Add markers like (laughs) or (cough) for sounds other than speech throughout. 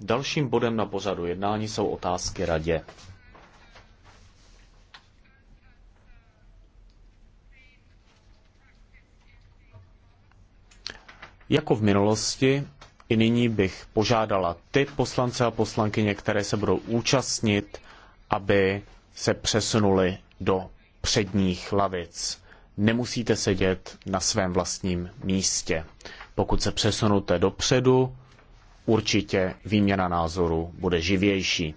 Dalším bodem na pořadu jednání jsou otázky radě. Jako v minulosti, i nyní bych požádala ty poslance a poslankyně, které se budou účastnit, aby se přesunuli do předních lavic. Nemusíte sedět na svém vlastním místě. Pokud se přesunete dopředu, určitě výměna názoru bude živější.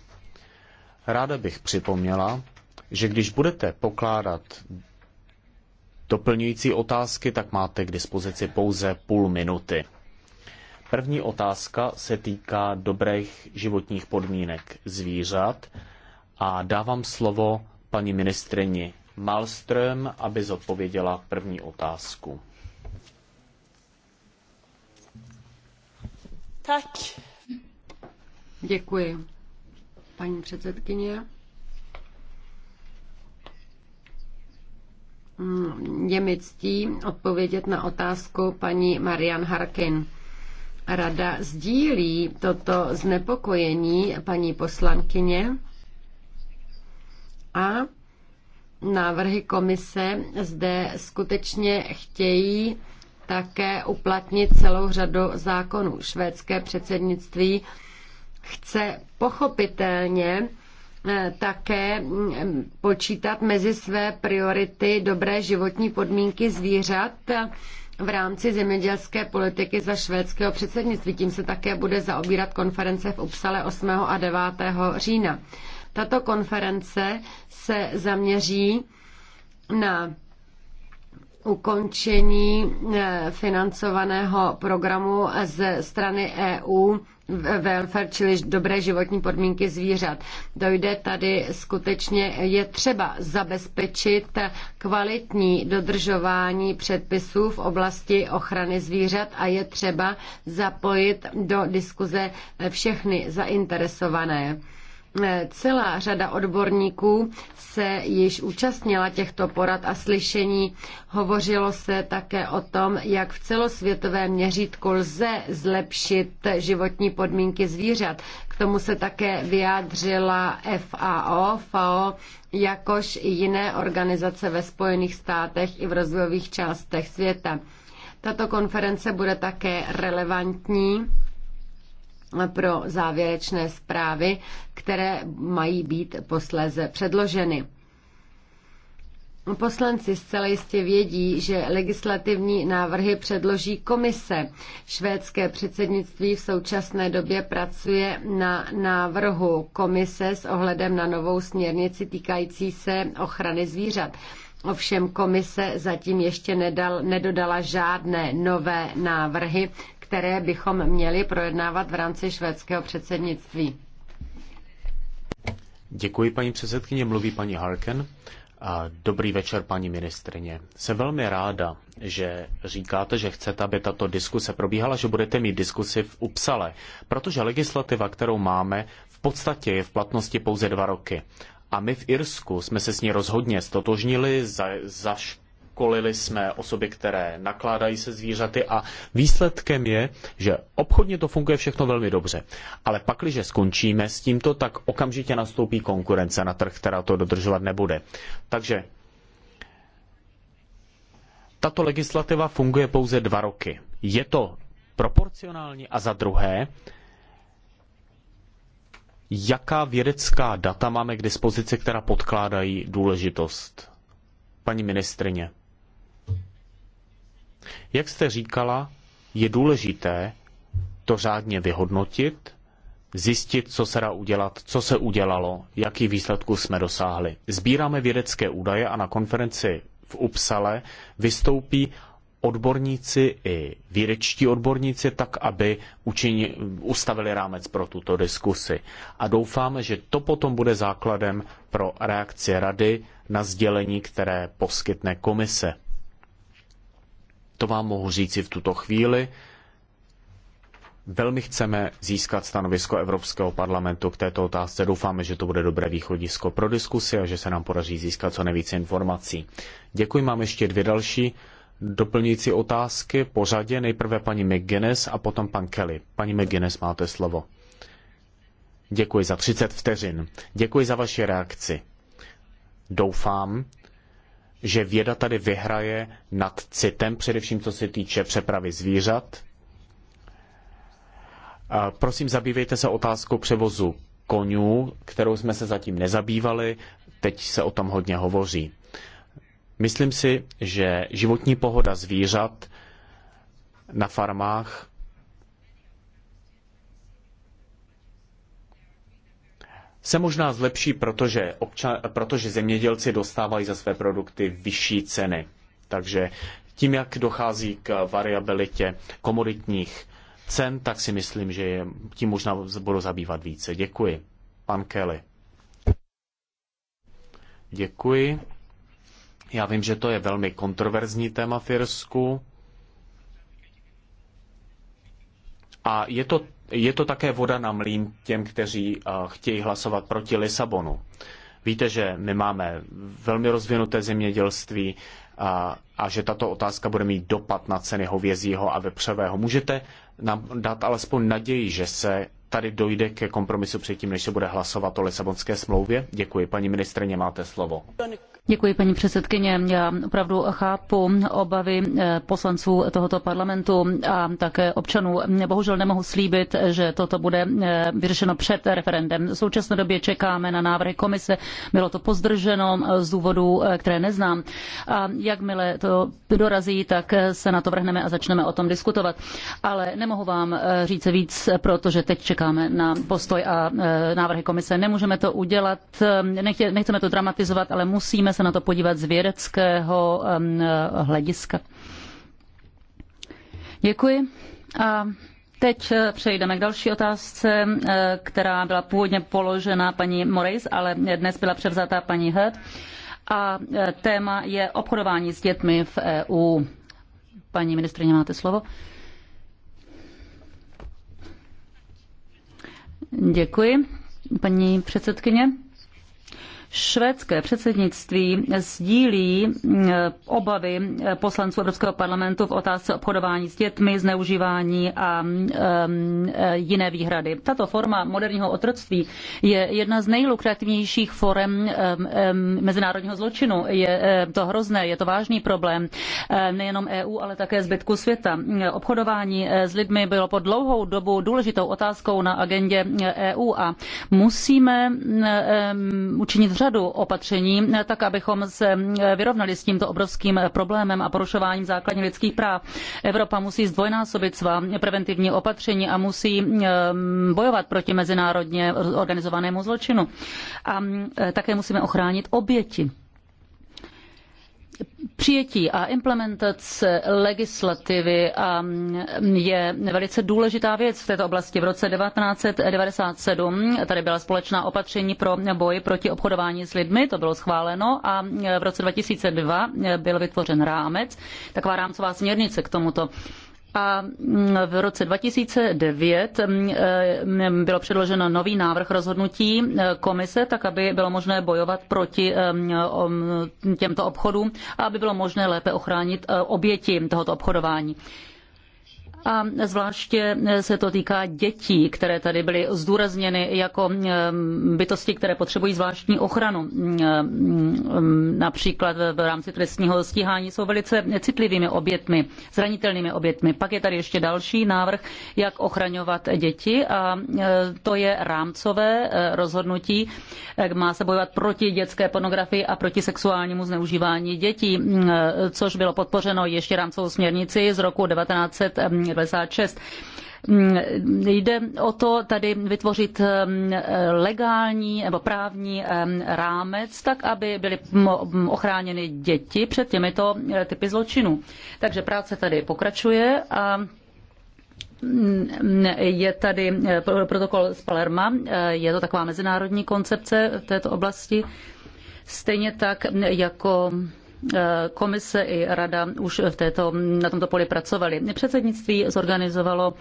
Ráda bych připomněla, že když budete pokládat doplňující otázky, tak máte k dispozici pouze půl minuty. První otázka se týká dobrých životních podmínek zvířat a dávám slovo paní ministrině Malström, aby zodpověděla první otázku. Tak. Děkuji, paní předsedkyně. Mm, je mi ctí odpovědět na otázku paní Marian Harkin. Rada sdílí toto znepokojení paní poslankyně a návrhy komise zde skutečně chtějí také uplatnit celou řadu zákonů. Švédské předsednictví chce pochopitelně eh, také mm, počítat mezi své priority dobré životní podmínky zvířat v rámci zemědělské politiky za švédského předsednictví. Tím se také bude zaobírat konference v Upsale 8. a 9. října. Tato konference se zaměří na ukončení eh, financovaného programu ze strany EU welfare, čili dobré životní podmínky zvířat. Dojde tady skutečně, je třeba zabezpečit kvalitní dodržování předpisů v oblasti ochrany zvířat a je třeba zapojit do diskuze všechny zainteresované. Eh, celá řada odborníků se již účastnila těchto porad a slyšení. Hovořilo se také o tom, jak v celosvětovém měřítku lze zlepšit životní podmínky zvířat. K tomu se také vyjádřila FAO, FAO jakož i jiné organizace ve Spojených státech i v rozvojových částech světa. Tato konference bude také relevantní pro závěrečné zprávy, které mají být posléze předloženy. Poslanci zcela jistě vědí, že legislativní návrhy předloží komise. Švédské předsednictví v současné době pracuje na návrhu komise s ohledem na novou směrnici týkající se ochrany zvířat. Ovšem komise zatím ještě nedal, nedodala žádné nové návrhy které bychom měli projednávat v rámci švédského předsednictví. Děkuji, paní předsedkyně, mluví paní Harken. A dobrý večer, paní ministrině. Jsem velmi ráda, že říkáte, že chcete, aby tato diskuse probíhala, že budete mít diskusi v Upsale, protože legislativa, kterou máme, v podstatě je v platnosti pouze dva roky. A my v Irsku jsme se s ní rozhodně stotožnili, za, zaš, školili jsme osoby, které nakládají se zvířaty a výsledkem je, že obchodně to funguje všechno velmi dobře. Ale pak, když skončíme s tímto, tak okamžitě nastoupí konkurence na trh, která to dodržovat nebude. Takže tato legislativa funguje pouze dva roky. Je to proporcionální a za druhé, jaká vědecká data máme k dispozici, která podkládají důležitost? Paní ministrině. Jak jste říkala, je důležité to řádně vyhodnotit, zjistit, co se dá udělat, co se udělalo, jaký výsledku jsme dosáhli. Sbíráme vědecké údaje a na konferenci v Upsale vystoupí odborníci i vědečtí odborníci tak, aby učini, ustavili rámec pro tuto diskusi. A doufáme, že to potom bude základem pro reakci rady na sdělení, které poskytne komise. To vám mohu říci v tuto chvíli. Velmi chceme získat stanovisko Evropského parlamentu k této otázce. Doufáme, že to bude dobré východisko pro diskusi a že se nám podaří získat co nejvíce informací. Děkuji, mám ještě dvě další doplňující otázky. Pořadě nejprve paní McGuinness a potom pan Kelly. Paní McGuinness, máte slovo. Děkuji za 30 vteřin. Děkuji za vaši reakci. Doufám, že věda tady vyhraje nad citem, především co se týče přepravy zvířat. Prosím, zabývejte se otázkou převozu konňů, kterou jsme se zatím nezabývali, teď se o tom hodně hovoří. Myslím si, že životní pohoda zvířat na farmách se možná zlepší, protože, obča- protože zemědělci dostávají za své produkty vyšší ceny. Takže tím, jak dochází k variabilitě komoditních cen, tak si myslím, že je, tím možná budu zabývat více. Děkuji. Pan Kelly. Děkuji. Já vím, že to je velmi kontroverzní téma v Irsku. A je to je to také voda na mlín těm, kteří eh, chtějí hlasovat proti Lisabonu. Víte, že my máme velmi rozvinuté zemědělství a, a že tato otázka bude mít dopad na ceny hovězího a vepřového. Můžete nám dát alespoň naději, že se tady dojde ke kompromisu předtím, než se bude hlasovat o Lisabonské smlouvě? Děkuji. Paní ministrině, máte slovo. Děkuji, paní předsedkyně. Já opravdu chápu obavy eh, poslanců tohoto parlamentu a také občanů. Bohužel nemohu slíbit, že toto bude eh, vyřešeno před referendem. V současné době čekáme na návrhy komise. Bylo to pozdrženo eh, z důvodů, které neznám. A jakmile to dorazí, tak se na to vrhneme a začneme o tom diskutovat. Ale nemohu vám říct víc, protože teď čekáme na postoj a návrhy komise. Nemůžeme to udělat, nechceme to dramatizovat, ale musíme se na to podívat z vědeckého hlediska. Děkuji. A Teď eh, přejdeme k další otázce, eh, která byla původně položena paní Morris, ale dnes byla převzata paní Hed. A eh, téma je obchodování s dětmi v EU. Paní ministrině, máte slovo. Děkuji, paní předsedkyně. Švédské předsednictví sdílí obavy poslanců Evropského parlamentu v otázce obchodování s dětmi, zneužívání a e, jiné výhrady. Tato forma moderního otroctví je jedna z nejlukrativnějších forem mezinárodního zločinu. Je e, to hrozné, je to vážný problém e, nejenom EU, ale také zbytku světa. Obchodování s lidmi bylo po dlouhou dobu důležitou otázkou na agendě EU a musíme učinit řadu řadu opatření, tak abychom se vyrovnali s tímto obrovským problémem a porušováním základních lidských práv. Evropa musí zdvojnásobit svá preventivní opatření a musí eh, bojovat proti mezinárodně organizovanému zločinu. A eh, také musíme ochránit oběti přijetí a implementace legislativy je velice důležitá věc v této oblasti. V roce 1997 tady byla společná opatření pro boj proti obchodování s lidmi, to bylo schváleno a v roce 2002 byl vytvořen rámec, taková rámcová směrnice k tomuto a mm, v roce 2009 mm, eh, bylo předloženo nový návrh rozhodnutí eh, komise, tak aby bylo možné bojovat proti eh, mm, těmto obchodům a aby bylo možné lépe ochránit oběti tohoto obchodování a zvláště se to týká dětí, které tady byly zdůrazněny jako bytosti, které potřebují zvláštní ochranu. Například v rámci trestního stíhání jsou velice citlivými obětmi, zranitelnými obětmi. Pak je tady ještě další návrh, jak ochraňovat děti a to je rámcové eh, rozhodnutí, má se bojovat proti dětské pornografii a proti sexuálnímu zneužívání dětí, což bylo podpořeno ještě rámcovou směrnici z roku 1990 96. Mm, jde o to tady vytvořit mm, legální nebo právní mm, rámec, tak aby byly ochráněny děti před těmito eh, typy zločinů. Takže práce tady pokračuje a je tady eh, protokol z Palerma, eh, je to taková mezinárodní koncepce v této oblasti, stejně tak jako Eh, komise i rada už v této, na tomto poli pracovali. Předsednictví zorganizovalo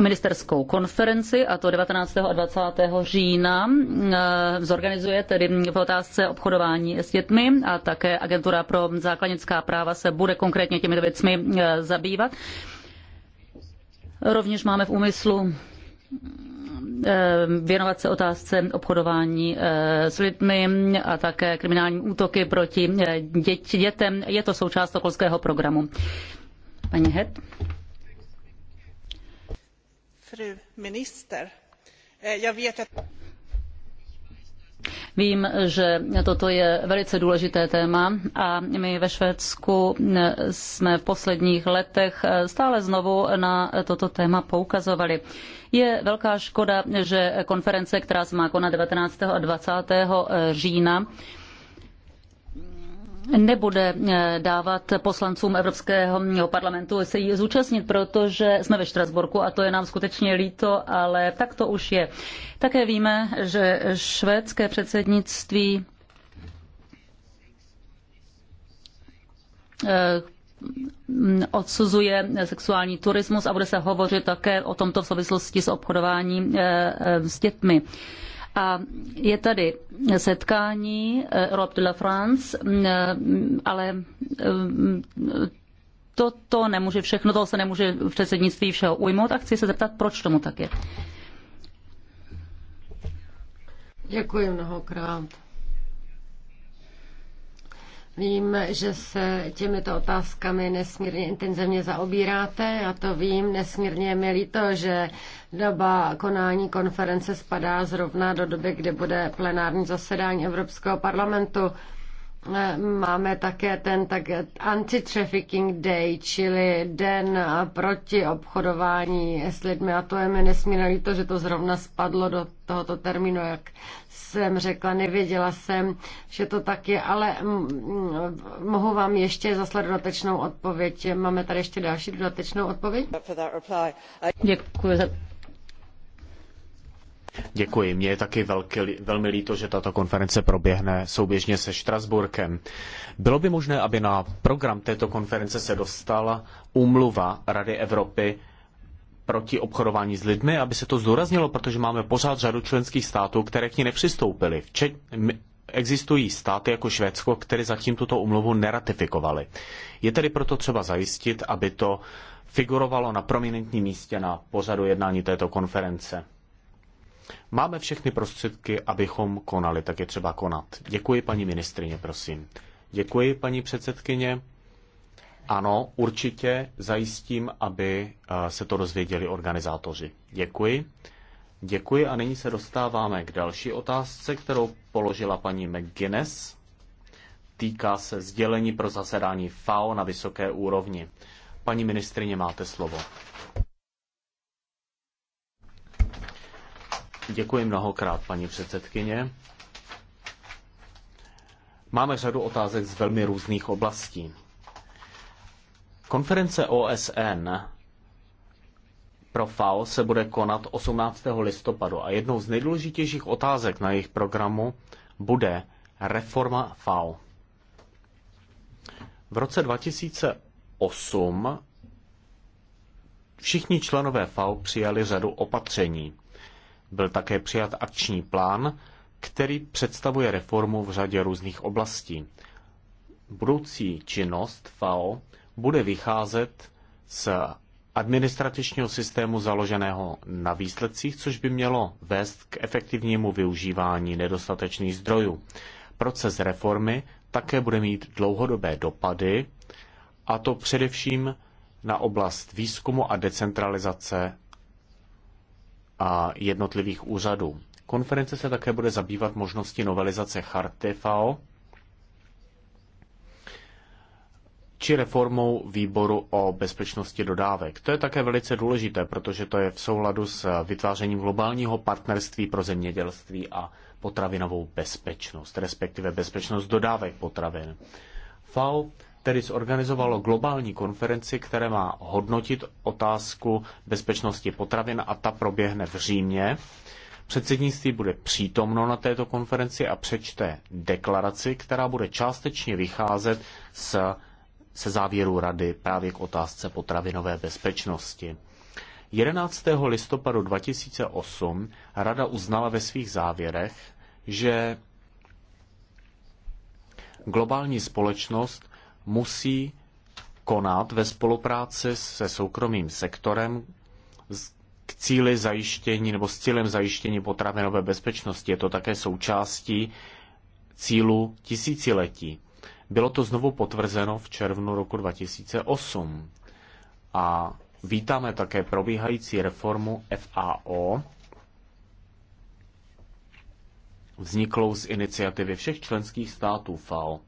ministerskou konferenci, a to 19. a 20. října. Eh, zorganizuje tedy v otázce obchodování s dětmi a také Agentura pro základnická práva se bude konkrétně těmito věcmi eh, zabývat. Rovněž máme v úmyslu Eh, věnovat se otázce obchodování eh, s lidmi a také kriminální útoky proti eh, dět, dětem. Je to součást okolského programu. Paní Het. Fru minister, já vědět... Vím, že toto je velice důležité téma a my ve Švédsku jsme v posledních letech stále znovu na toto téma poukazovali. Je velká škoda, že konference, která se má konat 19. a 20. října, nebude eh, dávat poslancům Evropského parlamentu se jí zúčastnit, protože jsme ve Štrasburku a to je nám skutečně líto, ale tak to už je. Také víme, že švédské předsednictví eh, odsuzuje sexuální turismus a bude se hovořit také o tomto v souvislosti s obchodováním eh, s dětmi. A je tady setkání eh, Europe de la France, eh, ale eh, to nemůže všechno, toho se nemůže v předsednictví všeho ujmout a chci se zeptat, proč tomu tak je. Děkuji mnohokrát. Vím, že se těmito otázkami nesmírně intenzivně zaobíráte, já to vím, nesmírně mi líto, že doba konání konference spadá zrovna do doby, kdy bude plenární zasedání Evropského parlamentu. Máme také ten tak anti-trafficking day, čili den proti obchodování s lidmi a to je mi nesmírně líto, že to zrovna spadlo do tohoto termínu, jak jsem řekla, nevěděla jsem, že to tak je, ale mohu vám ještě zaslat dodatečnou odpověď. Máme tady ještě další dodatečnou odpověď? Děkuji za Děkuji. Mně je taky velký, velmi líto, že tato konference proběhne souběžně se Štrasburkem. Bylo by možné, aby na program této konference se dostala úmluva Rady Evropy proti obchodování s lidmi, aby se to zdůraznilo, protože máme pořád řadu členských států, které k ní nepřistoupily. existují státy jako Švédsko, které zatím tuto úmluvu neratifikovaly. Je tedy proto třeba zajistit, aby to figurovalo na prominentním místě na pořadu jednání této konference. Máme všechny prostředky, abychom konali, tak je třeba konat. Děkuji, paní ministrině, prosím. Děkuji, paní předsedkyně. Ano, určitě zajistím, aby eh, se to dozvěděli organizátoři. Děkuji. Děkuji a nyní se dostáváme k další otázce, kterou položila paní McGuinness. Týká se sdělení pro zasedání FAO na vysoké úrovni. Paní ministrině, máte slovo. Děkuji mnohokrát, paní předsedkyně. Máme řadu otázek z velmi různých oblastí. Konference OSN pro FAO se bude konat 18. listopadu a jednou z nejdůležitějších otázek na jejich programu bude reforma FAO. V roce 2008 všichni členové FAO přijali řadu opatření. Byl také přijat akční plán, který představuje reformu v řadě různých oblastí. Budoucí činnost FAO bude vycházet z administrativního systému založeného na výsledcích, což by mělo vést k efektivnímu využívání nedostatečných zdrojů. Proces reformy také bude mít dlouhodobé dopady, a to především na oblast výzkumu a decentralizace a jednotlivých úřadů. Konference se také bude zabývat možností novelizace charty FAO či reformou výboru o bezpečnosti dodávek. To je také velice důležité, protože to je v souladu s vytvářením globálního partnerství pro zemědělství a potravinovou bezpečnost, respektive bezpečnost dodávek potravin. FAO tedy zorganizovalo globální konferenci, která má hodnotit otázku bezpečnosti potravin a ta proběhne v Římě. Předsednictví bude přítomno na této konferenci a přečte deklaraci, která bude částečně vycházet z, se závěru rady právě k otázce potravinové bezpečnosti. 11. listopadu 2008 rada uznala ve svých závěrech, že globální společnost musí konat ve spolupráci se soukromým sektorem k cíli zajištění nebo s cílem zajištění potravinové bezpečnosti. Je to také součástí cílu tisíciletí. Bylo to znovu potvrzeno v červnu roku 2008 a vítáme také probíhající reformu FAO, vzniklou z iniciativy všech členských států FAO.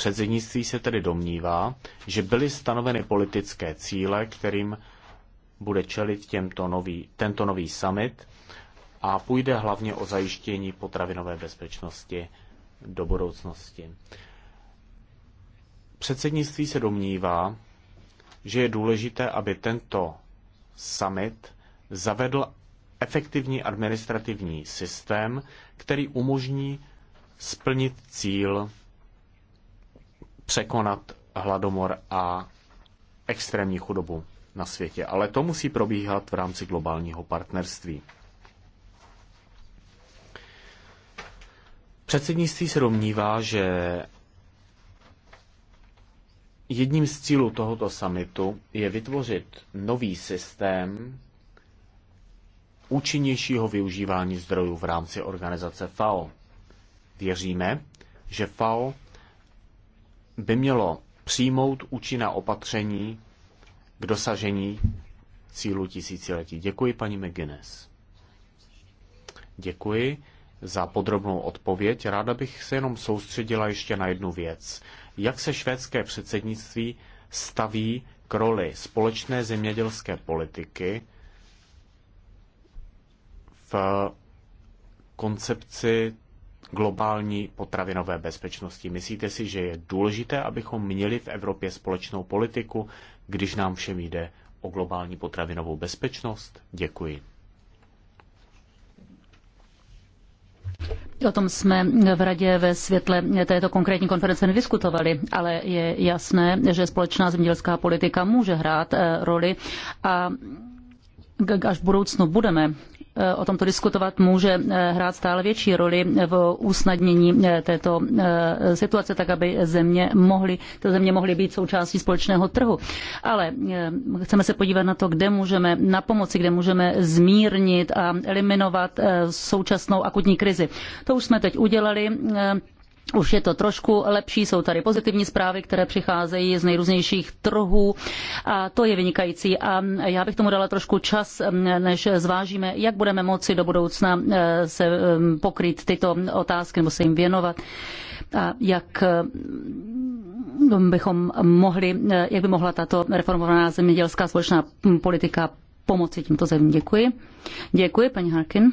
Předsednictví se tedy domnívá, že byly stanoveny politické cíle, kterým bude čelit těmto nový, tento nový summit a půjde hlavně o zajištění potravinové bezpečnosti do budoucnosti. Předsednictví se domnívá, že je důležité, aby tento summit zavedl efektivní administrativní systém, který umožní splnit cíl překonat hladomor a extrémní chudobu na světě. Ale to musí probíhat v rámci globálního partnerství. Předsednictví se domnívá, že jedním z cílů tohoto samitu je vytvořit nový systém účinnějšího využívání zdrojů v rámci organizace FAO. Věříme, že FAO by mělo přijmout účinná opatření k dosažení cílu tisíciletí. Děkuji, paní McGuinness. Děkuji za podrobnou odpověď. Ráda bych se jenom soustředila ještě na jednu věc. Jak se švédské předsednictví staví k roli společné zemědělské politiky v koncepci globální potravinové bezpečnosti. Myslíte si, že je důležité, abychom měli v Evropě společnou politiku, když nám všem jde o globální potravinovou bezpečnost? Děkuji. O tom jsme v radě ve světle této konkrétní konference nediskutovali, ale je jasné, že společná zemědělská politika může hrát eh, roli a až v budoucnu budeme o tomto diskutovat, může eh, hrát stále větší roli v usnadnění eh, této eh, situace, tak aby země mohly, ty země mohly být součástí společného trhu. Ale chceme se podívat na to, kde můžeme na pomoci, kde můžeme zmírnit a eliminovat současnou akutní krizi. To už jsme teď udělali už je to trošku lepší, jsou tady pozitivní zprávy, které přicházejí z nejrůznějších trhů a to je vynikající. A já bych tomu dala trošku čas, než zvážíme, jak budeme moci do budoucna e, se pokryt tyto otázky nebo se jim věnovat a jak bychom mohli, e, jak by mohla tato reformovaná zemědělská společná politika pomoci tímto zemím. Děkuji. Děkuji, paní Harkin.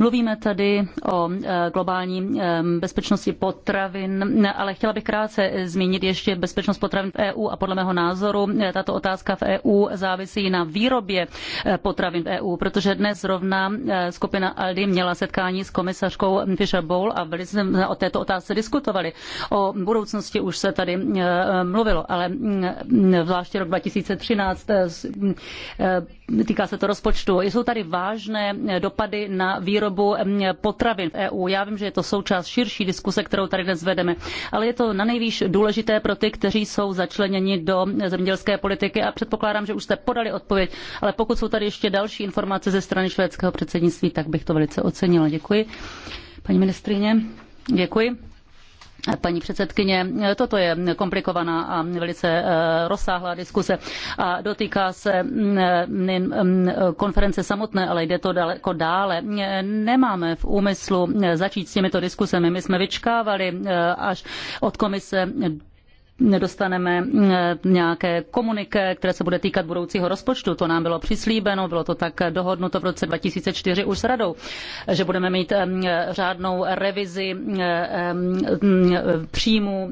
Mluvíme tady o eh, globální eh, bezpečnosti potravin, ale chtěla bych krátce eh, zmínit ještě bezpečnost potravin v EU a podle mého názoru tato otázka v EU závisí na výrobě potravin v EU, protože dnes zrovna skupina Aldi měla setkání s komisařkou Fisher Bowl a byli jsme o této otázce diskutovali. O budoucnosti už se tady mluvilo, ale mm, zvláště rok 2013 mm, týká se to rozpočtu. Jsou tady vážné dopady na výrobu výrobu potravin v EU. Já vím, že je to součást širší diskuse, kterou tady dnes vedeme, ale je to na nejvýš důležité pro ty, kteří jsou začleněni do zemědělské politiky a předpokládám, že už jste podali odpověď, ale pokud jsou tady ještě další informace ze strany švédského předsednictví, tak bych to velice ocenila. Děkuji. Paní ministrině, děkuji. Paní předsedkyně, toto je komplikovaná a velice eh, rozsáhlá diskuse a dotýká se mm, mm, konference samotné, ale jde to daleko dále. Nemáme v úmyslu eh, začít s těmito diskusemi. My jsme vyčkávali eh, až od komise dostaneme mm, nějaké komuniké, které se bude týkat budoucího rozpočtu. To nám bylo přislíbeno, bylo to tak dohodnuto v roce 2004 už s radou, že budeme mít mm, řádnou revizi mm, příjmu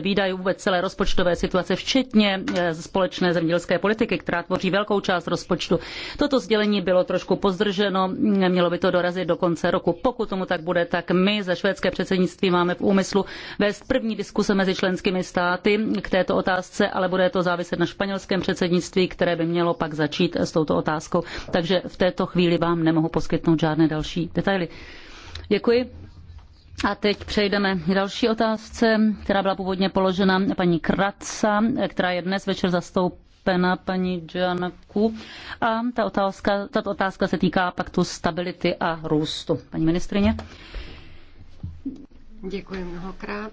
výdajů vůbec celé rozpočtové situace, včetně společné zemědělské politiky, která tvoří velkou část rozpočtu. Toto sdělení bylo trošku pozdrženo, mělo by to dorazit do konce roku. Pokud tomu tak bude, tak my ze švédské předsednictví máme v úmyslu vést první diskuse mezi členskými státy státy k této otázce, ale bude to záviset na španělském předsednictví, které by mělo pak začít s touto otázkou. Takže v této chvíli vám nemohu poskytnout žádné další detaily. Děkuji. A teď přejdeme k další otázce, která byla původně položena paní Kratsa, která je dnes večer zastoupena paní Giannaku. A ta otázka, tato otázka se týká paktu stability a růstu. Paní ministrině. Děkuji mnohokrát.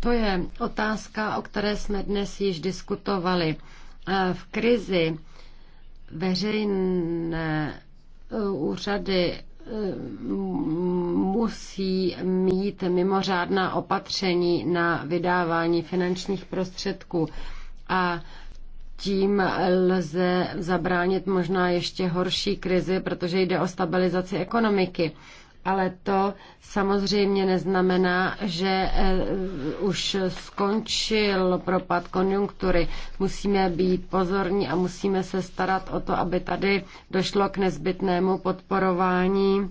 To je otázka, o které jsme dnes již diskutovali. E, v krizi veřejné e, úřady e, musí mít mimořádná opatření na vydávání finančních prostředků a tím lze zabránit možná ještě horší krizi, protože jde o stabilizaci ekonomiky ale to samozřejmě neznamená, že eh, už skončil propad konjunktury. Musíme být pozorní a musíme se starat o to, aby tady došlo k nezbytnému podporování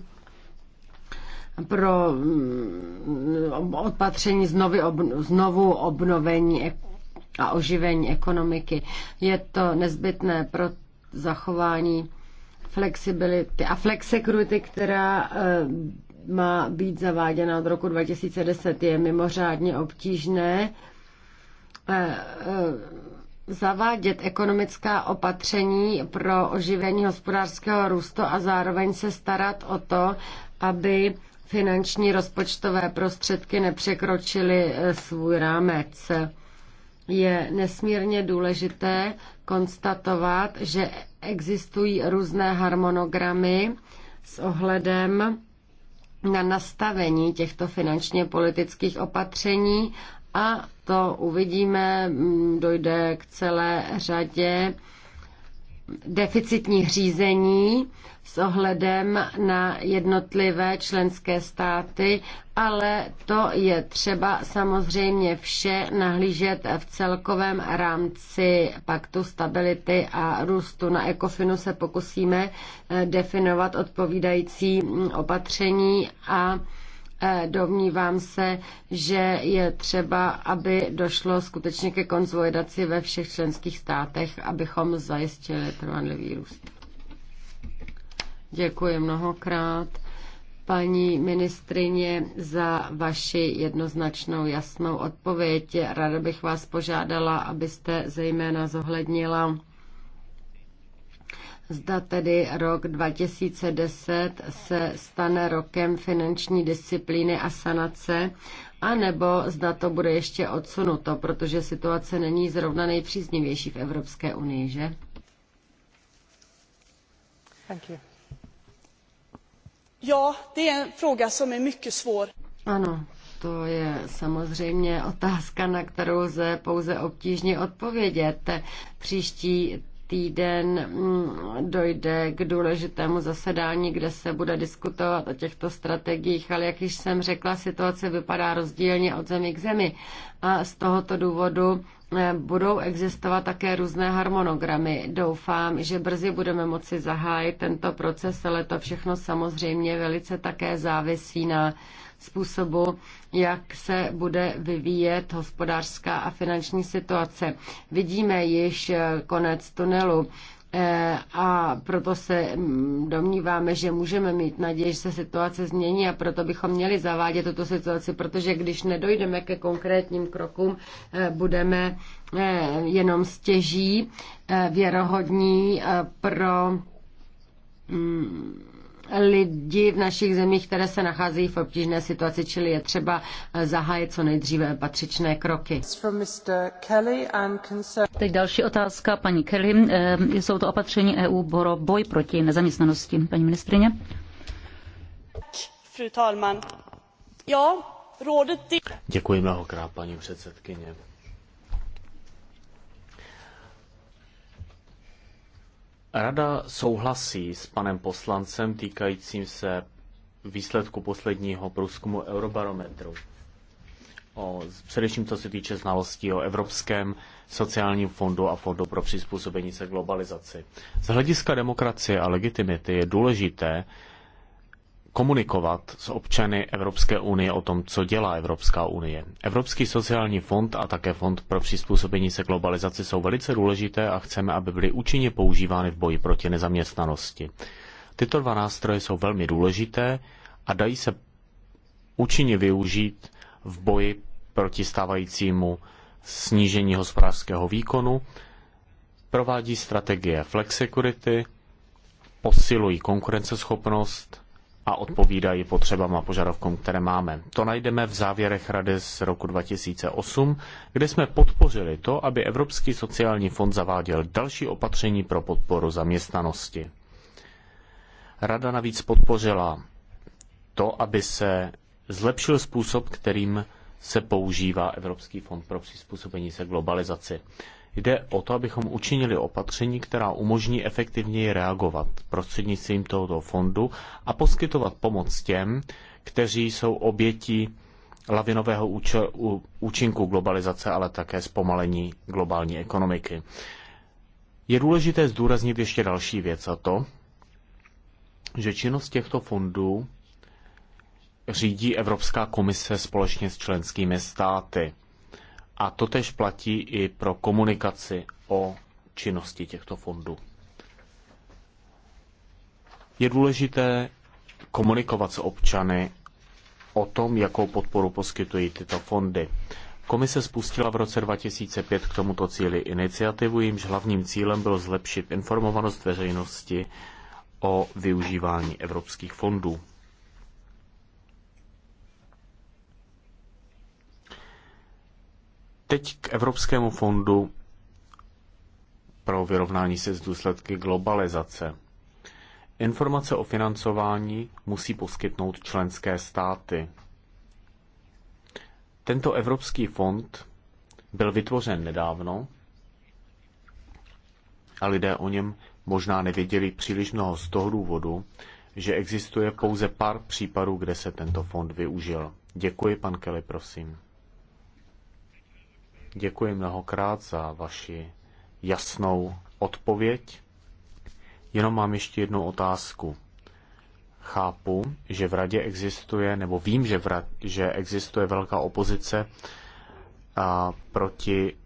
pro mm, opatření znovu obnovení a oživení ekonomiky. Je to nezbytné pro zachování flexibility a flexecurity, která eh, má být zaváděna od roku 2010, je mimořádně obtížné eh, eh, zavádět ekonomická opatření pro oživení hospodářského růstu a zároveň se starat o to, aby finanční rozpočtové prostředky nepřekročily svůj rámec. Je nesmírně důležité konstatovat, že existují různé harmonogramy s ohledem na nastavení těchto finančně politických opatření a to uvidíme, mm, dojde k celé řadě deficitní řízení s ohledem na jednotlivé členské státy, ale to je třeba samozřejmě vše nahlížet v celkovém rámci paktu stability a růstu. Na ECOFINu se pokusíme eh, definovat odpovídající mm, opatření a Domnívám se, že je třeba, aby došlo skutečně ke konzolidaci ve všech členských státech, abychom zajistili trvanlivý růst. Děkuji mnohokrát, paní ministrině, za vaši jednoznačnou jasnou odpověď. Ráda bych vás požádala, abyste zejména zohlednila Zda tedy rok 2010 se stane rokem finanční disciplíny a sanace, anebo zda to bude ještě odsunuto, protože situace není zrovna nejpříznivější v Evropské unii, že? Thank you. Ja, det är en fråga som är mycket svår. Ano, to je samozřejmě otázka, na kterou lze pouze obtížně odpovědět. Příští týden mm, dojde k důležitému zasedání, kde se bude diskutovat o těchto strategiích, ale jak již jsem řekla, situace vypadá rozdílně od zemi k zemi. A z tohoto důvodu eh, budou existovat také různé harmonogramy. Doufám, že brzy budeme moci zahájit tento proces, ale to všechno samozřejmě velice také závisí na způsobu, jak se bude vyvíjet hospodářská a finanční situace. Vidíme již eh, konec tunelu eh, a proto se mm, domníváme, že můžeme mít naději, že se situace změní a proto bychom měli zavádět tuto situaci, protože když nedojdeme ke konkrétním krokům, eh, budeme jenom stěží věrohodní pro mm, lidi v našich zemích, které se nacházejí v obtížné situaci, čili je třeba eh, zahájit co nejdříve patřičné kroky. Teď další otázka, paní Kelly. Eh, jsou to opatření EU pro boj proti nezaměstnanosti. Paní ministrině. Děkuji mnohokrát, paní předsedkyně Rada souhlasí s panem poslancem týkajícím se výsledku posledního průzkumu Eurobarometru. O, především co se týče znalostí o Evropském sociálním fondu a fondu pro přizpůsobení se globalizaci. Z hlediska demokracie a legitimity je důležité, komunikovat s občany Evropské unie o tom, co dělá Evropská unie. Evropský sociální fond a také fond pro přizpůsobení se globalizaci jsou velice důležité a chceme, aby byly účinně používány v boji proti nezaměstnanosti. Tyto dva nástroje jsou velmi důležité a dají se účinně využít v boji proti stávajícímu snížení hospodářského výkonu, provádí strategie flexikurity, posilují konkurenceschopnost a odpovídají potřebám a požadavkům, které máme. To najdeme v závěrech Rady z roku 2008, kde jsme podpořili to, aby Evropský sociální fond zaváděl další opatření pro podporu zaměstnanosti. Rada navíc podpořila to, aby se zlepšil způsob, kterým se používá Evropský fond pro přizpůsobení se globalizaci. Jde o to, abychom učinili opatření, která umožní efektivněji reagovat prostřednictvím tohoto fondu a poskytovat pomoc těm, kteří jsou obětí lavinového účinku globalizace, ale také zpomalení globální ekonomiky. Je důležité zdůraznit ještě další věc a to, že činnost těchto fondů řídí Evropská komise společně s členskými státy. A to tež platí i pro komunikaci o činnosti těchto fondů. Je důležité komunikovat s občany o tom, jakou podporu poskytují tyto fondy. Komise spustila v roce 2005 k tomuto cíli iniciativu, jejímž hlavním cílem bylo zlepšit informovanost veřejnosti o využívání evropských fondů. Teď k Evropskému fondu pro vyrovnání se s důsledky globalizace. Informace o financování musí poskytnout členské státy. Tento Evropský fond byl vytvořen nedávno a lidé o něm možná nevěděli příliš mnoho z toho důvodu, že existuje pouze pár případů, kde se tento fond využil. Děkuji, pan Kelly, prosím. Děkuji mnohokrát za vaši jasnou odpověď. Jenom mám ještě jednu otázku. Chápu, že v radě existuje, nebo vím, že, v radě, že existuje velká opozice a, proti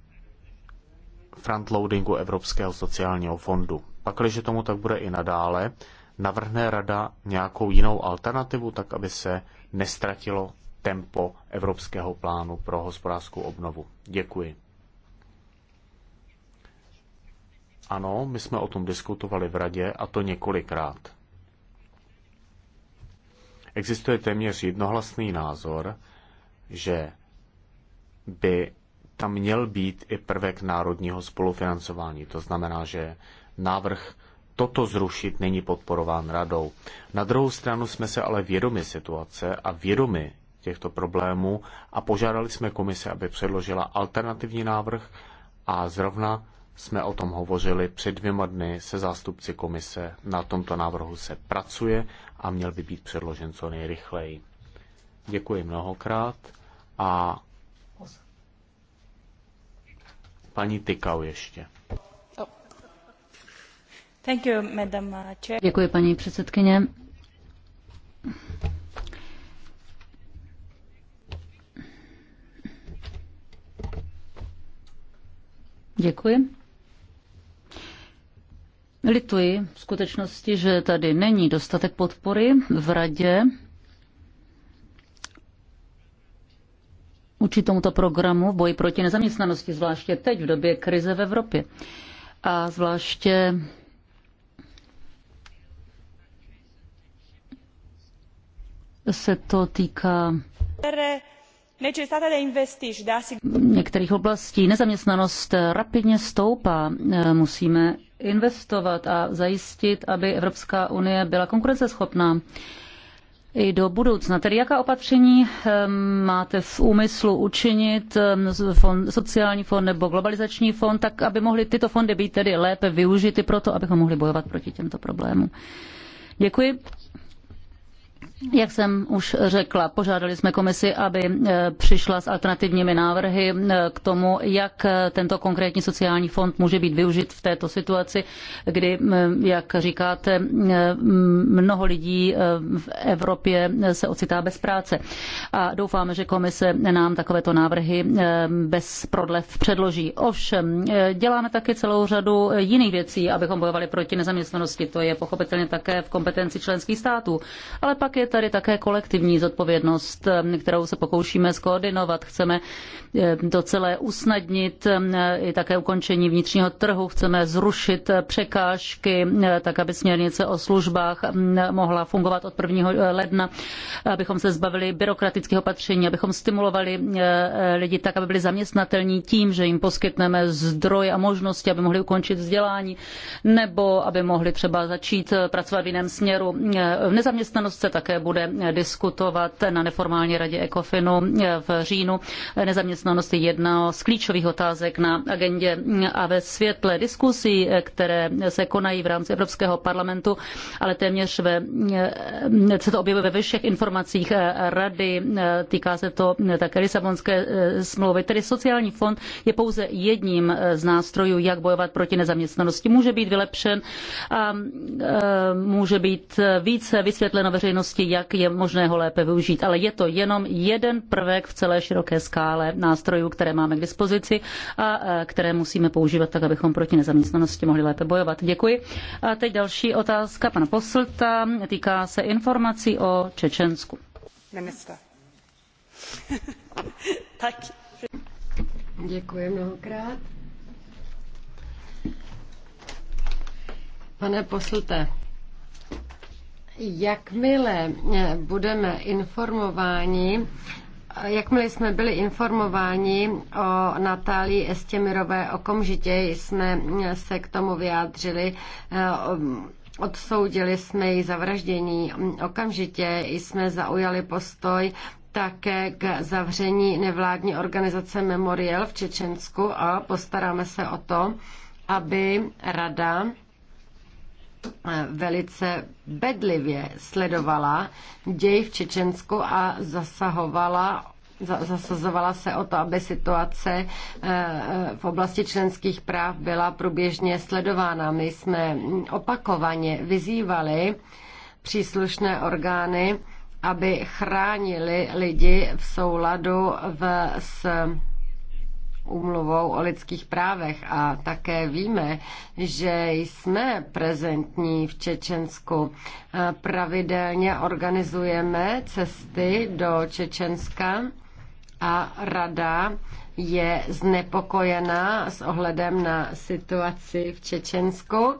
frontloadingu Evropského sociálního fondu. Pakliže tomu tak bude i nadále, navrhne rada nějakou jinou alternativu, tak aby se nestratilo tempo Evropského plánu pro hospodářskou obnovu. Děkuji. Ano, my jsme o tom diskutovali v radě a to několikrát. Existuje téměř jednohlasný názor, že by tam měl být i prvek národního spolufinancování. To znamená, že návrh toto zrušit není podporován radou. Na druhou stranu jsme se ale vědomi situace a vědomi těchto problémů a požádali jsme komise, aby předložila alternativní návrh a zrovna jsme o tom hovořili před dvěma dny se zástupci komise. Na tomto návrhu se pracuje a měl by být předložen co nejrychleji. Děkuji mnohokrát a paní Tykau ještě. Thank you, uh, Děkuji, paní předsedkyně. Děkuji. Lituji v skutečnosti, že tady není dostatek podpory v radě učit tomuto programu v boji proti nezaměstnanosti, zvláště teď v době krize v Evropě. A zvláště se to týká v některých oblastí nezaměstnanost rapidně stoupá. Eh, musíme investovat a zajistit, aby Evropská unie byla konkurenceschopná i do budoucna. Tedy jaká opatření ehm, máte v úmyslu učinit ehm, fond, sociální fond nebo globalizační fond, tak aby mohly tyto fondy být tedy lépe využity proto, abychom mohli bojovat proti těmto problémům? Děkuji. Jak jsem už řekla, požádali jsme komisi, aby e, přišla s alternativními návrhy e, k tomu, jak e, tento konkrétní sociální fond může být využit v této situaci, kdy, jak říkáte, mnoho lidí v Evropě se ocitá bez práce. A doufáme, že komise nám takovéto návrhy bez prodlev předloží. Ovšem, děláme také celou řadu jiných věcí, abychom bojovali proti nezaměstnanosti. To je pochopitelně také v kompetenci členských států. Ale pak je tady také kolektivní zodpovědnost, eh, kterou se pokoušíme skoordinovat. Chceme eh, to celé usnadnit, eh, i také ukončení vnitřního trhu. Chceme zrušit překážky, tak aby směrnice o službách mm, mohla fungovat od 1. ledna, abychom se zbavili byrokratických opatření, abychom stimulovali lidi tak, aby byli zaměstnatelní tím, že jim poskytneme zdroje a možnosti, aby mohli ukončit vzdělání nebo aby mohli třeba začít pracovat v jiném směru. Nezaměstnanost se také bude diskutovat na neformální radě ECOFINu v říjnu. Nezaměstnanost je jedna z klíčových otázek na agendě a ve světle diskusí, které se konají v rámci Evropského parlamentu, ale téměř ve, se to objevuje ve všech informacích rady, týká se to také Lisabonské smlouvy. Tedy sociální fond je pouze jedním z nástrojů, jak bojovat proti nezaměstnanosti. Může být vylepšen a e, může být více vysvětleno veřejnosti, jak je možné ho lépe využít. Ale je to jenom jeden prvek v celé široké skále nástrojů, které máme k dispozici a e, které musíme používat tak, abychom proti nezaměstnanosti mohli lépe bojovat. Děkuji. A teď další otázka pana Poslta. Týká se informací o Čečensku. Minister. (laughs) tak. Děkuji mnohokrát. Pane poslte, Jakmile eh, budeme informováni, eh, Jakmile jsme byli informováni o Natálii Estěmirové, okamžitě jsme eh, se k tomu vyjádřili. Odsoudili jsme její zavraždění. Okamžitě jsme zaujali postoj také k zavření nevládní organizace Memorial v Čečensku a postaráme se o to, aby rada Eh, velice bedlivě sledovala děj v Čečensku a zasahovala zasazovala se o to, aby situace eh, eh, v oblasti členských práv byla průběžně sledována. My jsme opakovaně vyzývali příslušné orgány, aby chránili lidi v souladu v, s úmluvou o lidských právech a také víme, že jsme prezentní v Čečensku. Pravidelně organizujeme cesty do Čečenska a rada je znepokojená s ohledem na situaci v Čečensku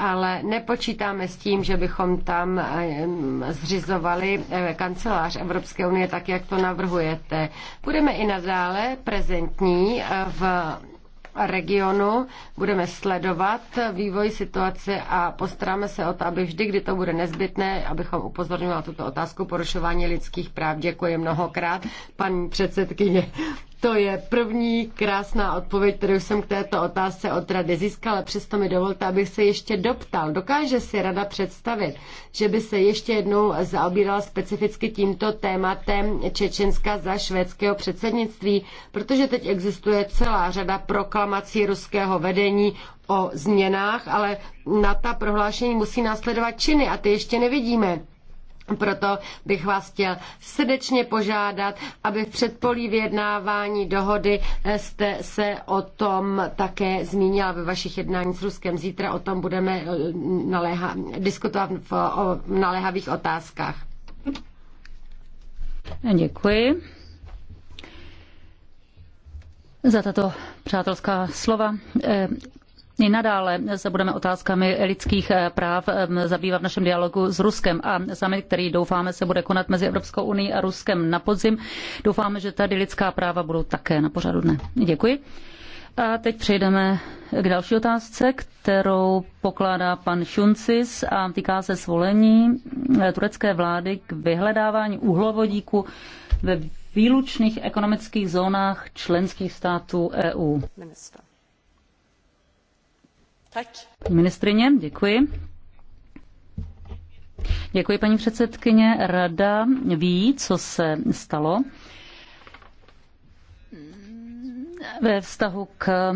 ale nepočítáme s tím, že bychom tam eh, zřizovali eh, kancelář Evropské unie, tak jak to navrhujete. Budeme i nadále prezentní eh, v regionu, budeme sledovat vývoj situace a postaráme se o to, aby vždy, kdy to bude nezbytné, abychom upozorňovali tuto otázku porušování lidských práv. Děkuji mnohokrát, paní předsedkyně. To je první krásná odpověď, kterou jsem k této otázce od rady získala. Přesto mi dovolte, abych se ještě doptal. Dokáže si rada představit, že by se ještě jednou zaobírala specificky tímto tématem Čečenska za švédského předsednictví, protože teď existuje celá řada proklamací ruského vedení o změnách, ale na ta prohlášení musí následovat činy a ty ještě nevidíme. Proto bych vás chtěl srdečně požádat, aby v předpolí vyjednávání dohody jste se o tom také zmínila ve vašich jednání s Ruskem. Zítra o tom budeme eh, naléha, diskutovat v, o naléhavých otázkách. Děkuji za tato přátelská slova. Eh, Vlastně I nadále se budeme otázkami lidských eh, práv eh, zabývat v našem dialogu s Ruskem a summit, který doufáme se bude konat mezi Evropskou unii a Ruskem na podzim. Doufáme, že tady lidská práva budou také na pořadu dne. Děkuji. A teď přejdeme k další otázce, kterou pokládá pan Šuncis a týká se svolení eh, turecké vlády k vyhledávání uhlovodíku ve výlučných ekonomických zónách členských států EU. Minister. Tak. Ministrině, děkuji. Děkuji, paní předsedkyně. Rada ví, co se stalo ve vztahu k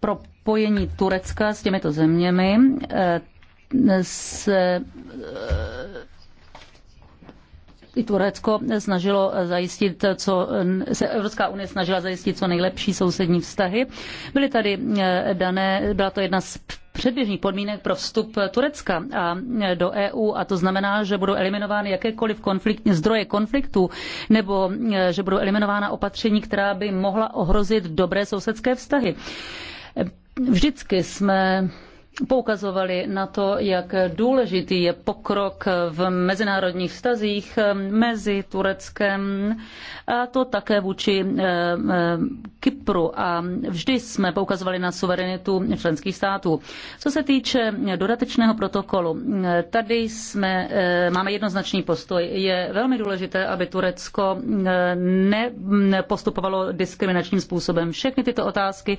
propojení Turecka s těmito zeměmi. Eh, se eh, i Turecko snažilo zajistit, co se Evropská unie snažila zajistit co nejlepší sousední vztahy. Byly tady eh, dané, byla to jedna z předběžných podmínek pro vstup Turecka a eh, do EU a to znamená, že budou eliminovány jakékoliv konflikt, zdroje konfliktu nebo eh, že budou eliminována opatření, která by mohla ohrozit dobré sousedské vztahy. Vždycky jsme poukazovali na to, jak důležitý je pokrok v mezinárodních vztazích ehm, mezi Tureckem a to také vůči ehm, ehm, Kypru a vždy jsme poukazovali na suverenitu členských států. Co se týče dodatečného protokolu, tady jsme, máme jednoznačný postoj. Je velmi důležité, aby Turecko nepostupovalo diskriminačním způsobem. Všechny tyto otázky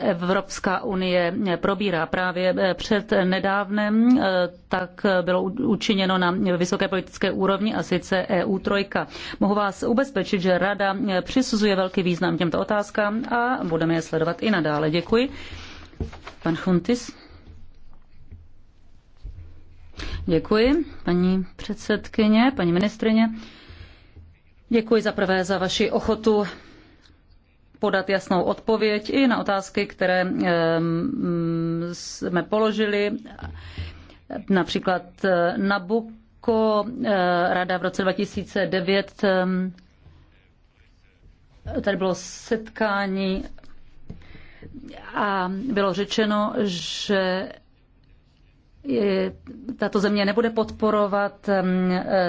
Evropská unie pro probírá. Právě eh, před nedávnem eh, tak bylo učiněno na vysoké politické úrovni a sice EU trojka. Mohu vás ubezpečit, že Rada eh, přisuzuje velký význam těmto otázkám a budeme je sledovat i nadále. Děkuji. Pan Chuntis. Děkuji, paní předsedkyně, paní ministrině. Děkuji za prvé za vaši ochotu podat jasnou odpověď i na otázky, které mm, jsme položili, například eh, Nabuko, eh, rada v roce 2009, tady bylo setkání a bylo řečeno, že tato země nebude podporovat e,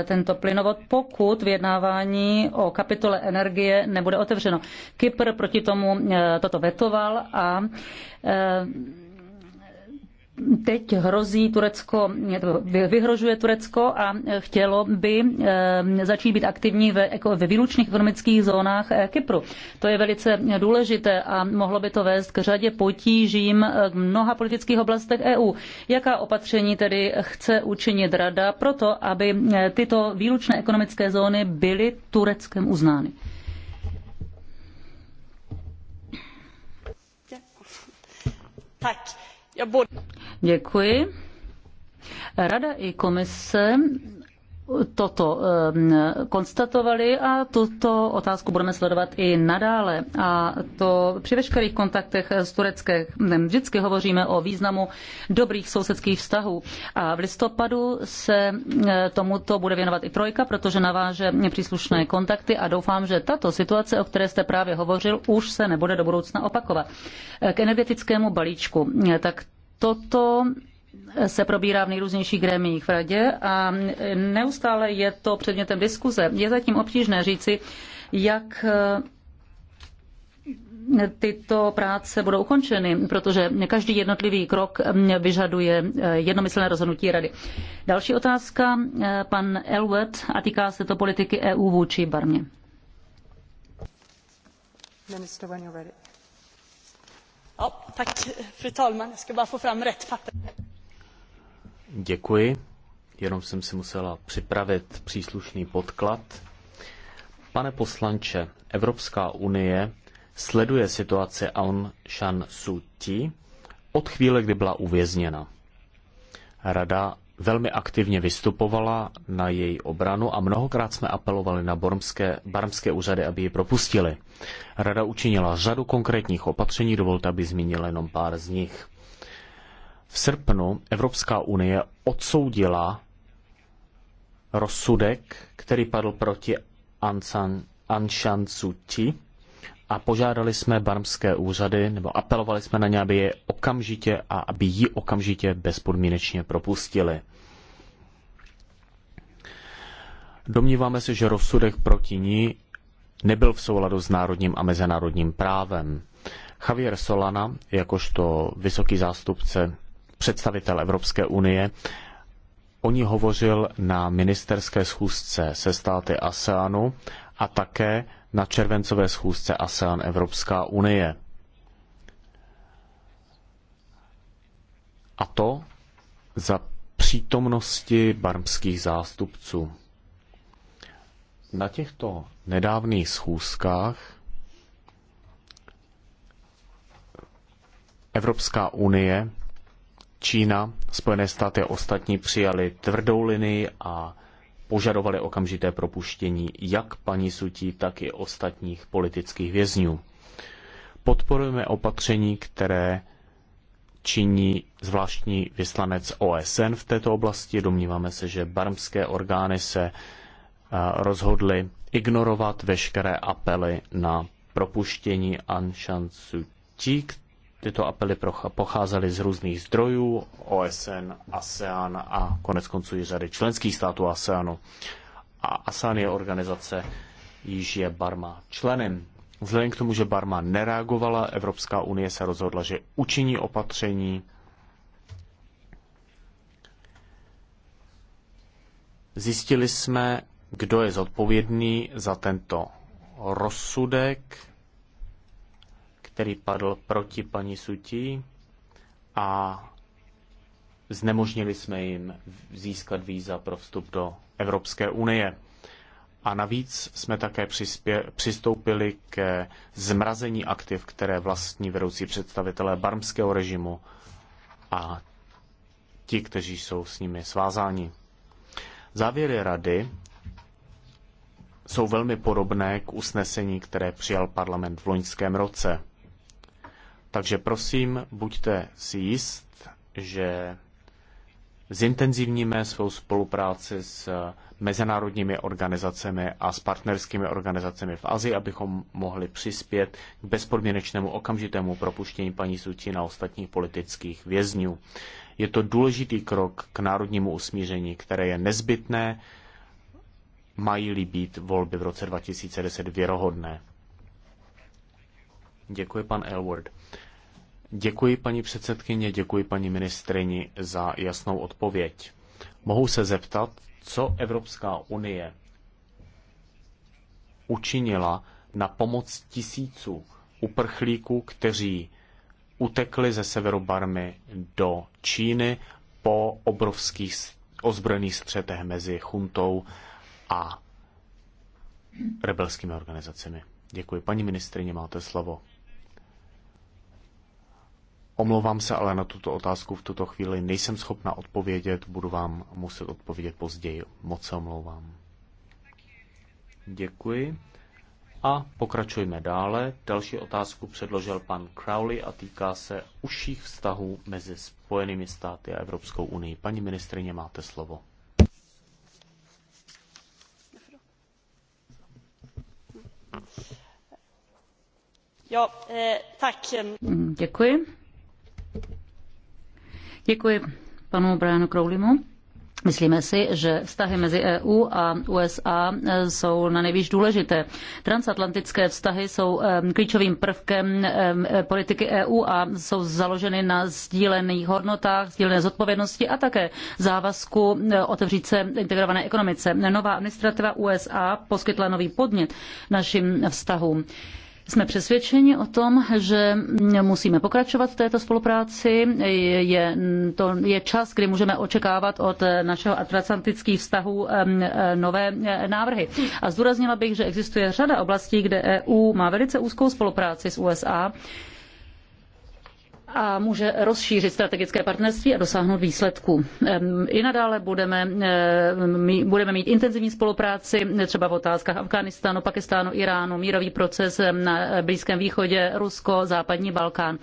tento plynovod, pokud vyjednávání o kapitole energie nebude otevřeno. Kypr proti tomu e, toto vetoval a e, teď hrozí Turecko, vyhrožuje Turecko a chtělo by eh, začít být aktivní ve, jako ve výlučných ekonomických zónách eh, Kypru. To je velice důležité a mohlo by to vést k řadě potížím eh, v mnoha politických oblastech EU. Jaká opatření tedy chce učinit Rada proto, aby tyto výlučné ekonomické zóny byly Tureckem uznány? Tak. Děkuji. Rada i komise toto ehm, konstatovali a tuto otázku budeme sledovat i nadále. A to při veškerých kontaktech s Tureckem vždycky hovoříme o významu dobrých sousedských vztahů. A v listopadu se e, tomuto bude věnovat i trojka, protože naváže příslušné kontakty a doufám, že tato situace, o které jste právě hovořil, už se nebude do budoucna opakovat. E, k energetickému balíčku. E, tak toto se probírá v nejrůznějších grémiích v radě a neustále je to předmětem diskuze. Je zatím obtížné říci, jak eh, tyto práce budou ukončeny, protože každý jednotlivý krok eh, vyžaduje eh, jednomyslné rozhodnutí rady. Další otázka, pan Elwet, a týká se to politiky EU vůči Barmě. Minister, Děkuji. Jenom jsem si musela připravit příslušný podklad. Pane poslanče, Evropská unie sleduje situaci Aung San Suu Kyi od chvíle, kdy byla uvězněna. Rada velmi aktivně vystupovala na její obranu a mnohokrát jsme apelovali na bormské, barmské úřady, aby ji propustili. Rada učinila řadu konkrétních opatření, dovolte, aby zmínila jenom pár z nich. V srpnu Evropská unie odsoudila rozsudek, který padl proti Ansan, Anshan Suu Kyi, a požádali jsme barmské úřady, nebo apelovali jsme na ně, aby je okamžitě a aby ji okamžitě bezpodmínečně propustili. Domníváme se, že rozsudek proti ní nebyl v souladu s národním a mezinárodním právem. Javier Solana, jakožto vysoký zástupce představitel Evropské unie, o ní hovořil na ministerské schůzce se státy ASEANu a také na červencové schůzce ASEAN Evropská unie. A to za přítomnosti barmských zástupců. Na těchto nedávných schůzkách Evropská unie, Čína, Spojené státy a ostatní přijali tvrdou linii a požadovali okamžité propuštění jak paní Sutí, tak i ostatních politických vězňů. Podporujeme opatření, které činí zvláštní vyslanec OSN v této oblasti. Domníváme se, že barmské orgány se eh, rozhodly ignorovat veškeré apely na propuštění Anšan Suu Kyi, tyto apely pocházely z různých zdrojů, OSN, ASEAN a konec konců i řady členských států ASEANu. A e ASEAN je organizace, již je Barma členem. Vzhledem k tomu, že Barma nereagovala, Evropská unie se rozhodla, že učiní opatření, Zjistili jsme, kdo je zodpovědný za tento rozsudek který padl proti paní Sutí a znemožnili jsme jim získat víza pro vstup do Evropské unie. A navíc jsme také přispě, přistoupili ke zmrazení aktiv, které vlastní vedoucí představitelé barmského režimu a ti, kteří jsou s nimi svázáni. Závěry rady jsou velmi podobné k usnesení, které přijal parlament v loňském roce. Takže prosím, buďte si jist, že zintenzivníme svou spolupráci s mezinárodními organizacemi a s partnerskými organizacemi v Azii, abychom mohli přispět k bezpodmínečnému okamžitému propuštění paní Suči na ostatních politických vězňů. Je to důležitý krok k národnímu usmíření, které je nezbytné, mají-li být volby v roce 2010 věrohodné. Děkuji, pan Elward. Děkuji paní předsedkyně, děkuji paní ministrini za jasnou odpověď. Mohu se zeptat, co Evropská unie učinila na pomoc tisíců uprchlíků, kteří utekli ze severu Barmy do Číny po obrovských ozbrojených střetech mezi chuntou a rebelskými organizacemi. Děkuji. Paní ministrině, máte slovo. Omlouvám se, ale na tuto otázku v tuto chvíli nejsem schopna odpovědět, budu vám muset odpovědět později. Moc se omlouvám. Děkuji. A pokračujeme dále. Další otázku předložil pan Crowley a týká se užších vztahů mezi Spojenými státy a Evropskou unii. Paní ministrině, máte slovo. Jo, eh, tak. Děkuji. Děkuji panu Brianu Crowleymu. Myslíme si, že vztahy mezi EU a USA e, jsou na nejvíc důležité. Transatlantické vztahy jsou e, klíčovým prvkem e, politiky EU a jsou založeny na sdílených hodnotách, sdílené zodpovědnosti a také závazku otevřít se integrované ekonomice. Nová administrativa USA poskytla nový podnět našim vztahům. Jsme přesvědčeni o tom, že musíme pokračovat v této spolupráci. Je, to je čas, kdy můžeme očekávat od našeho atlantických vztahů nové návrhy. A zdůraznila bych, že existuje řada oblastí, kde EU má velice úzkou spolupráci s USA a může rozšířit strategické partnerství a dosáhnout výsledků. I nadále budeme, budeme mít intenzivní spolupráci třeba v otázkách Afghánistánu, Pakistánu, Iránu, mírový proces na Blízkém východě, Rusko, západní Balkán.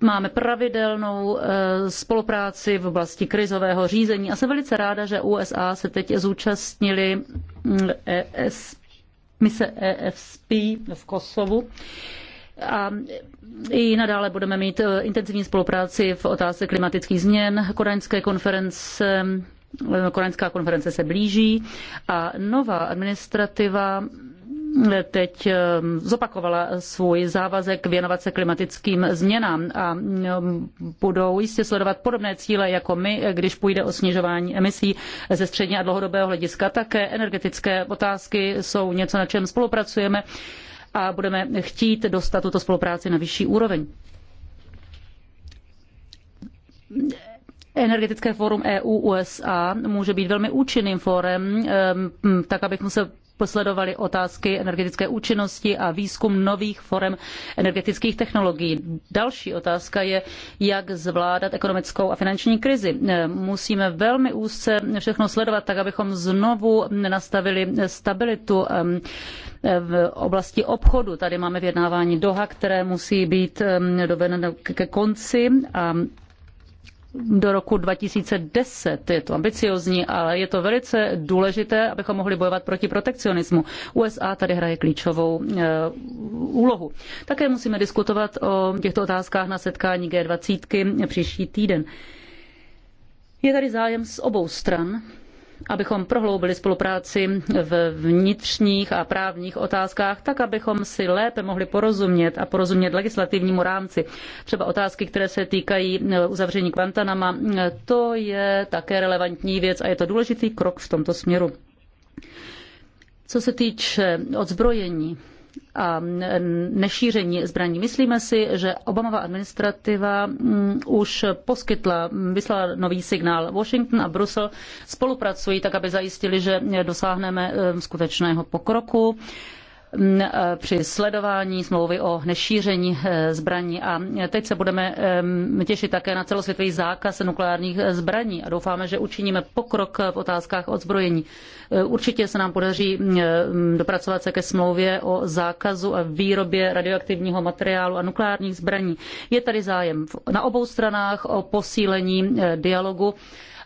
Máme pravidelnou eh, spolupráci v oblasti krizového řízení a jsem velice ráda, že USA se teď zúčastnili mm, ES, mise EFSP v Kosovu a i nadále budeme mít eh, intenzivní spolupráci v otázce klimatických změn, kodaňské konference, eh, kodaňská konference se blíží a nová administrativa eh, teď zopakovala svůj závazek věnovat se klimatickým změnám a mm, budou jistě sledovat podobné cíle jako my, když půjde o snižování emisí ze střední a dlouhodobého hlediska. Také energetické otázky jsou něco, na čem spolupracujeme a budeme chtít dostat tuto spolupráci na vyšší úroveň. Energetické fórum EU-USA může být velmi účinným fórem, tak abychom se posledovaly otázky energetické účinnosti a výzkum nových forem energetických technologií. Další otázka je, jak zvládat ekonomickou a finanční krizi. Musíme velmi úzce všechno sledovat, tak abychom znovu nastavili stabilitu v oblasti obchodu. Tady máme vyjednávání doha, které musí být dovedeno ke konci a do roku 2010. Je to ambiciozní, ale je to velice důležité, abychom mohli bojovat proti protekcionismu. USA tady hraje klíčovou eh, úlohu. Také musíme diskutovat o těchto otázkách na setkání G20 příští týden. Je tady zájem z obou stran abychom prohloubili spolupráci v vnitřních a právních otázkách, tak abychom si lépe mohli porozumět a porozumět legislativnímu rámci. Třeba otázky, které se týkají eh, uzavření Guantanama, eh, to je také relevantní věc a je to důležitý krok v tomto směru. Co se týče odzbrojení, a nešíření zbraní. Myslíme si, že Obamova administrativa mm, už poskytla, vyslala nový signál. Washington a Brusel spolupracují tak, aby zajistili, že dosáhneme eh, skutečného pokroku Eh, při sledování smlouvy o nešíření eh, zbraní. A teď se budeme těšit také na celosvětový zákaz nukleárních eh, zbraní a doufáme, že učiníme pokrok v otázkách odzbrojení. Určitě se nám podaří dopracovat se ke smlouvě o zákazu a výrobě radioaktivního materiálu a nukleárních zbraní. Je tady zájem na obou stranách o posílení dialogu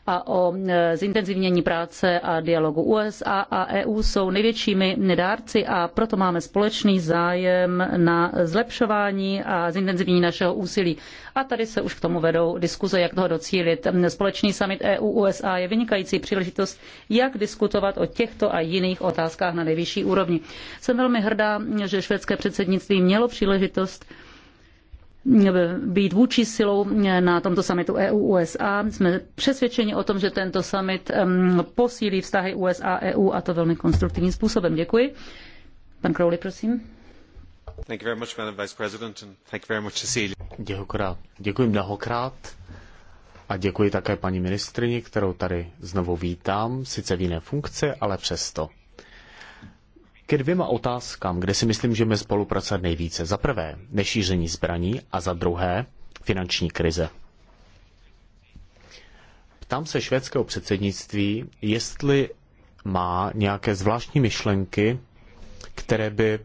a o e, zintenzivnění práce a dialogu USA a EU jsou největšími dárci a proto máme společný zájem na zlepšování a zintenzivnění našeho úsilí. A tady se už k tomu vedou diskuze, jak toho docílit. Společný summit EU-USA je vynikající příležitost, jak diskutovat o těchto a jiných otázkách na nejvyšší úrovni. Jsem velmi hrdá, že švédské předsednictví mělo příležitost být vůči silou na tomto summitu EU-USA. Jsme přesvědčeni o tom, že tento summit posílí vztahy USA-EU e a to velmi konstruktivním způsobem. Děkuji. Pan Crowley, prosím. Děkuji, děkuji mnohokrát a děkuji také paní ministrině, kterou tady znovu vítám, sice v jiné funkci, ale přesto ke dvěma otázkám, kde si myslím, že můžeme spolupracovat nejvíce. Za prvé, nešíření zbraní a za druhé, finanční krize. Ptám se švédského předsednictví, jestli má nějaké zvláštní myšlenky, které by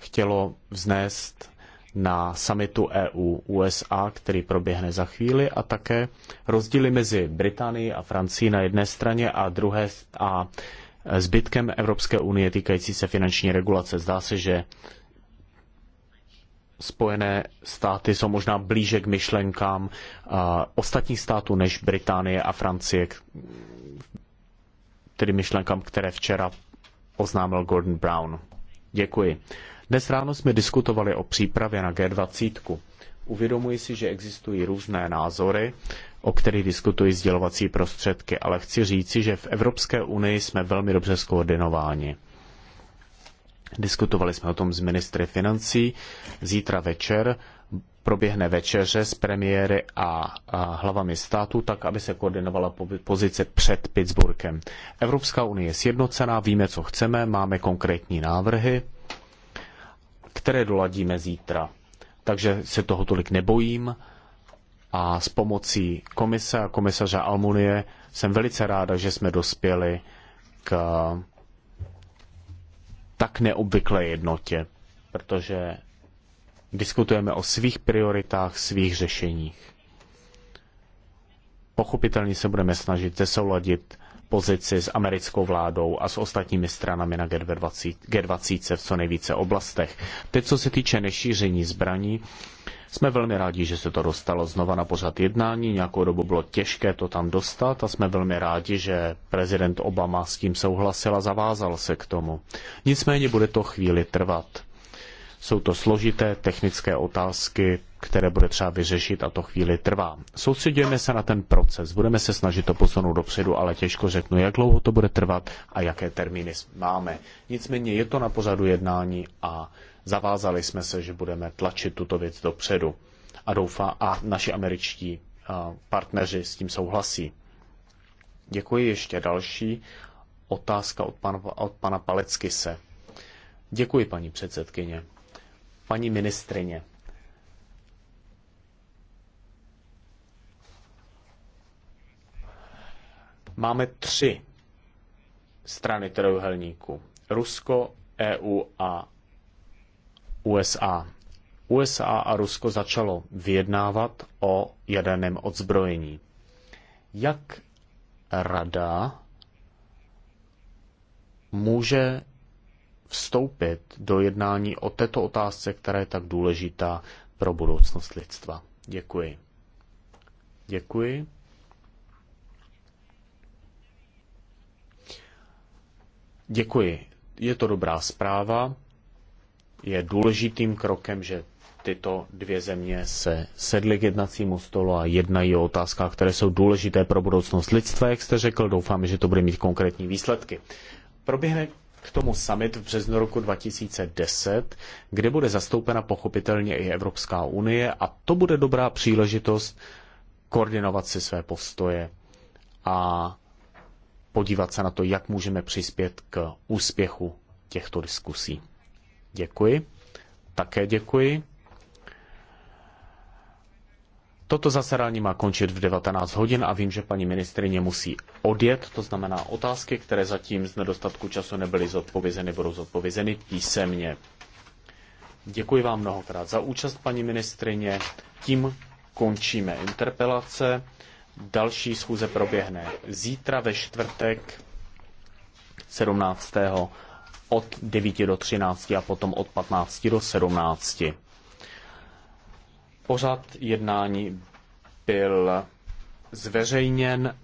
chtělo vznést na samitu EU-USA, který proběhne za chvíli, a také rozdíly mezi Británií a Francií na jedné straně a druhé a zbytkem Evropské unie týkající se finanční regulace. Zdá se, že Spojené státy jsou možná blíže k myšlenkám ostatních států než Británie a Francie, tedy myšlenkám, které včera oznámil Gordon Brown. Děkuji. Dnes ráno jsme diskutovali o přípravě na G20. Uvědomuji si, že existují různé názory o kterých diskutují sdělovací prostředky, ale chci říci, že v Evropské unii jsme velmi dobře skoordinováni. Diskutovali jsme o tom s ministry financí. Zítra večer proběhne večeře s premiéry a, a hlavami států, tak aby se koordinovala pozice před Pittsburghem. Evropská unie je sjednocená, víme, co chceme, máme konkrétní návrhy, které doladíme zítra. Takže se toho tolik nebojím a s pomocí komise a komisaře Almunie jsem velice ráda, že jsme dospěli k tak neobvyklé jednotě, protože diskutujeme o svých prioritách, svých řešeních. Pochopitelně se budeme snažit zesouladit pozici s americkou vládou a s ostatními stranami na G20, v co nejvíce oblastech. Teď, co se týče nešíření zbraní, jsme velmi rádi, že se to dostalo znova na pořad jednání. Nějakou dobu bylo těžké to tam dostat a jsme velmi rádi, že prezident Obama s tím souhlasil a zavázal se k tomu. Nicméně bude to chvíli trvat. Jsou to složité technické otázky, které bude třeba vyřešit a to chvíli trvá. Soustředujeme se na ten proces, budeme se snažit to posunout dopředu, ale těžko řeknu, jak dlouho to bude trvat a jaké termíny máme. Nicméně je to na pořadu jednání a Zavázali jsme se, že budeme tlačit tuto věc dopředu a doufá a naši američtí partneři s tím souhlasí. Děkuji ještě další otázka od pana, od pana se. Děkuji, paní předsedkyně. Paní ministrině, máme tři strany trojuhelníku. Rusko, EU a USA. USA a Rusko začalo vyjednávat o jaderném odzbrojení. Jak rada může vstoupit do jednání o této otázce, která je tak důležitá pro budoucnost lidstva? Děkuji. Děkuji. Děkuji. Je to dobrá zpráva je důležitým krokem, že tyto dvě země se sedly k jednacímu stolu a jednají o otázkách, které jsou důležité pro budoucnost lidstva, jak jste řekl. Doufáme, že to bude mít konkrétní výsledky. Proběhne k tomu summit v březnu roku 2010, kde bude zastoupena pochopitelně i Evropská unie a to bude dobrá příležitost koordinovat si své postoje a podívat se na to, jak můžeme přispět k úspěchu těchto diskusí. Děkuji. Také děkuji. Toto zasedání má končit v 19 hodin a vím, že paní ministrině musí odjet, to znamená otázky, které zatím z nedostatku času nebyly zodpovězeny, budou zodpovězeny písemně. Děkuji vám mnohokrát za účast, paní ministrině. Tím končíme interpelace. Další schůze proběhne zítra ve čtvrtek 17 od 9 do 13 a potom od 15 do 17. Pořad jednání byl zveřejněn